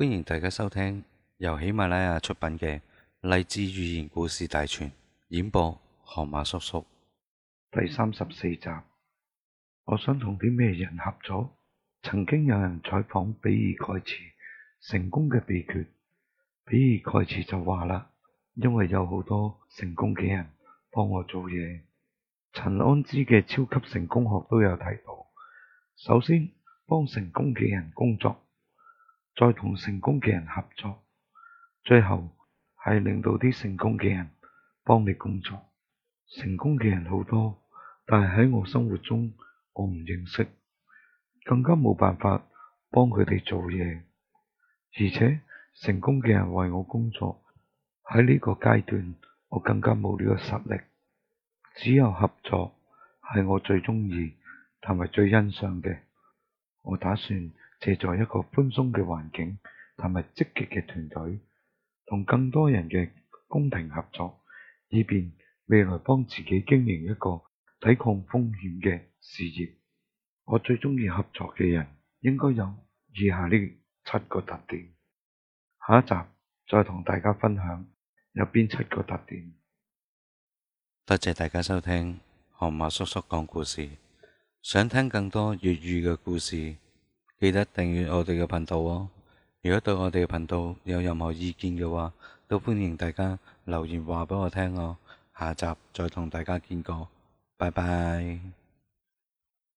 歡迎大家收聽由喜馬拉雅出品嘅《勵志寓言故事大全》，演播河馬叔叔，第三十四集。我想同啲咩人合作？曾經有人採訪比爾蓋茨成功嘅秘訣，比爾蓋茨就話啦，因為有好多成功嘅人幫我做嘢。陳安之嘅《超級成功學》都有提到，首先幫成功嘅人工作。再同成功嘅人合作，最後係令到啲成功嘅人幫你工作。成功嘅人好多，但係喺我生活中我唔認識，更加冇辦法幫佢哋做嘢。而且成功嘅人為我工作，喺呢個階段我更加冇呢個實力，只有合作係我最中意同埋最欣賞嘅。我打算。借助一個寬鬆嘅環境，同埋積極嘅團隊，同更多人嘅公平合作，以便未來幫自己經營一個抵抗風險嘅事業。我最中意合作嘅人，應該有以下呢七個特點。下一集再同大家分享有邊七個特點。多謝大家收聽河馬叔叔講故事。想聽更多粵語嘅故事，記得訂閱我哋嘅頻道哦！如果對我哋嘅頻道有任何意見嘅話，都歡迎大家留言話畀我聽哦。下集再同大家見過，拜拜。